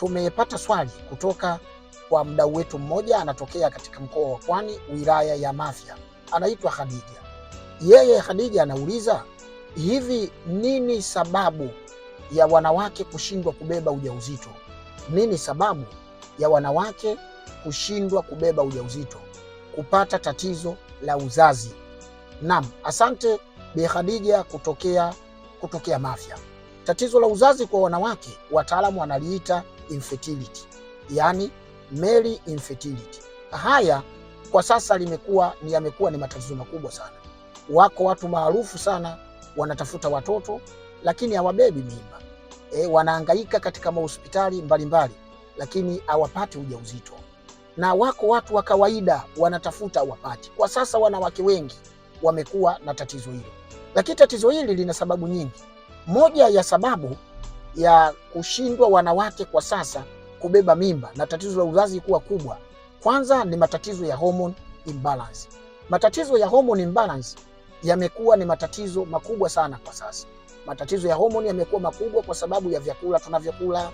Tumepata swali kutoka kwa mdau wetu mmoja, anatokea katika mkoa wa Pwani, wilaya ya Mafia, anaitwa Khadija. Yeye Khadija anauliza hivi, nini sababu ya wanawake kushindwa kubeba ujauzito? Nini sababu ya wanawake kushindwa kubeba ujauzito, kupata tatizo la uzazi? Naam, asante Bi Khadija kutokea kutokea Mafia. Tatizo la uzazi kwa wanawake wataalamu wanaliita infertility, yani male infertility. Haya kwa sasa limekuwa ni yamekuwa ni matatizo makubwa sana. Wako watu maarufu sana wanatafuta watoto lakini hawabebi mimba e, wanaangaika katika mahospitali mbalimbali lakini hawapati ujauzito, na wako watu wa kawaida wanatafuta hawapati. Kwa sasa wanawake wengi wamekuwa na tatizo hilo, lakini tatizo hili lina sababu nyingi. Moja ya sababu ya kushindwa wanawake kwa sasa kubeba mimba na tatizo la uzazi kuwa kubwa, kwanza ni matatizo ya hormone imbalance. Matatizo ya hormone imbalance yamekuwa ni matatizo makubwa sana kwa sasa. Matatizo ya hormone yamekuwa makubwa kwa sababu ya vyakula tunavyokula,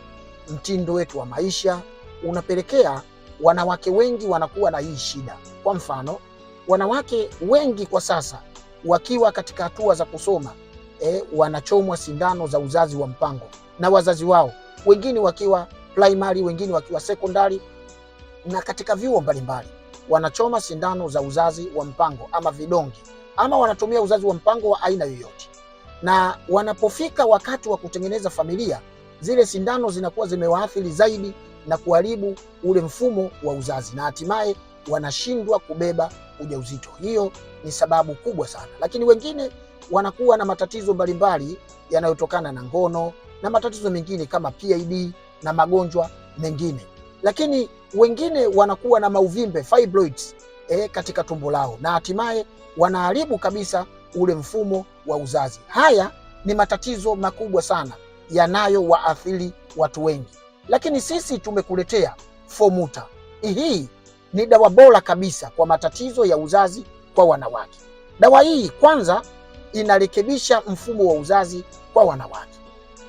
mtindo wetu wa maisha unapelekea wanawake wengi wanakuwa na hii shida. Kwa mfano, wanawake wengi kwa sasa wakiwa katika hatua za kusoma, eh, wanachomwa sindano za uzazi wa mpango na wazazi wao, wengine wakiwa primary, wengine wakiwa sekondari na katika vyuo mbalimbali, wanachoma sindano za uzazi wa mpango ama vidonge ama wanatumia uzazi wa mpango wa aina yoyote, na wanapofika wakati wa kutengeneza familia, zile sindano zinakuwa zimewaathiri zaidi na kuharibu ule mfumo wa uzazi na hatimaye wanashindwa kubeba ujauzito. Hiyo ni sababu kubwa sana, lakini wengine wanakuwa na matatizo mbalimbali yanayotokana na ngono na matatizo mengine kama PID na magonjwa mengine, lakini wengine wanakuwa na mauvimbe fibroids, eh, katika tumbo lao na hatimaye wanaharibu kabisa ule mfumo wa uzazi. Haya ni matatizo makubwa sana yanayowaathiri watu wengi, lakini sisi tumekuletea Formuta. Hii ni dawa bora kabisa kwa matatizo ya uzazi kwa wanawake. Dawa hii kwanza inarekebisha mfumo wa uzazi kwa wanawake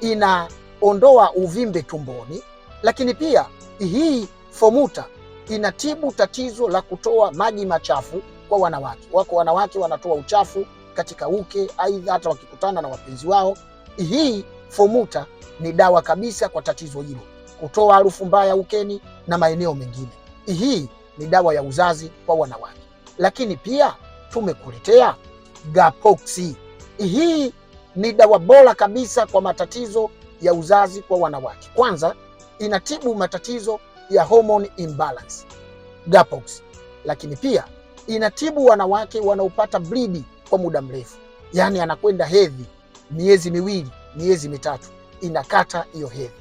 inaondoa uvimbe tumboni, lakini pia hii Fomuta inatibu tatizo la kutoa maji machafu kwa wanawake. Wako wanawake wanatoa uchafu katika uke, aidha hata wakikutana na wapenzi wao. Hii Fomuta ni dawa kabisa kwa tatizo hilo, kutoa harufu mbaya ukeni na maeneo mengine. Hii ni dawa ya uzazi kwa wanawake, lakini pia tumekuletea Gapoxi hii ni dawa bora kabisa kwa matatizo ya uzazi kwa wanawake. Kwanza, inatibu matatizo ya hormone imbalance Gapox, lakini pia inatibu wanawake wanaopata bleeding kwa muda mrefu, yaani anakwenda hedhi miezi miwili, miezi mitatu, inakata hiyo hedhi.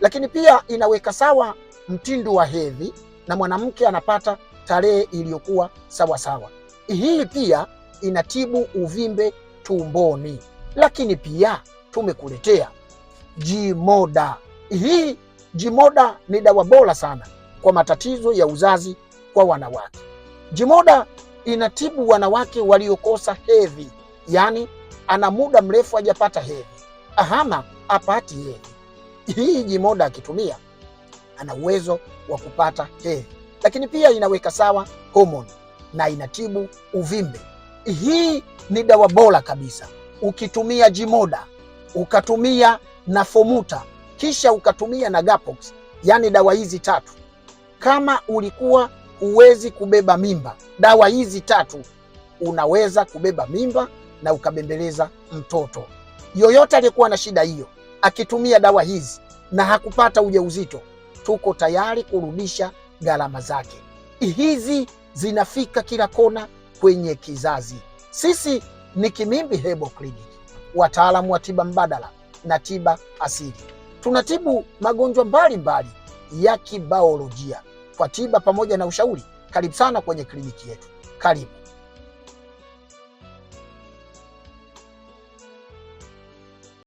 Lakini pia inaweka sawa mtindo wa hedhi na mwanamke anapata tarehe iliyokuwa sawasawa. Hii pia inatibu uvimbe tumboni lakini pia tumekuletea Jimoda. Hii Jimoda ni dawa bora sana kwa matatizo ya uzazi kwa wanawake. Jimoda inatibu wanawake waliokosa hedhi, yaani ana muda mrefu hajapata hedhi, ahama apati hedhi. Hii Jimoda akitumia ana uwezo wa kupata hedhi, lakini pia inaweka sawa homoni na inatibu uvimbe. Hii ni dawa bora kabisa ukitumia Jimoda ukatumia na Fomuta kisha ukatumia na Gapox, yani dawa hizi tatu, kama ulikuwa huwezi kubeba mimba, dawa hizi tatu unaweza kubeba mimba na ukabembeleza mtoto. Yoyote aliyekuwa na shida hiyo akitumia dawa hizi na hakupata ujauzito, tuko tayari kurudisha gharama zake. Hizi zinafika kila kona kwenye kizazi. Sisi ni Kimimbi Herbal Clinic, wataalamu wa tiba mbadala na tiba asili. Tunatibu magonjwa mbalimbali ya kibaolojia kwa tiba pamoja na ushauri. Karibu sana kwenye kliniki yetu, karibu.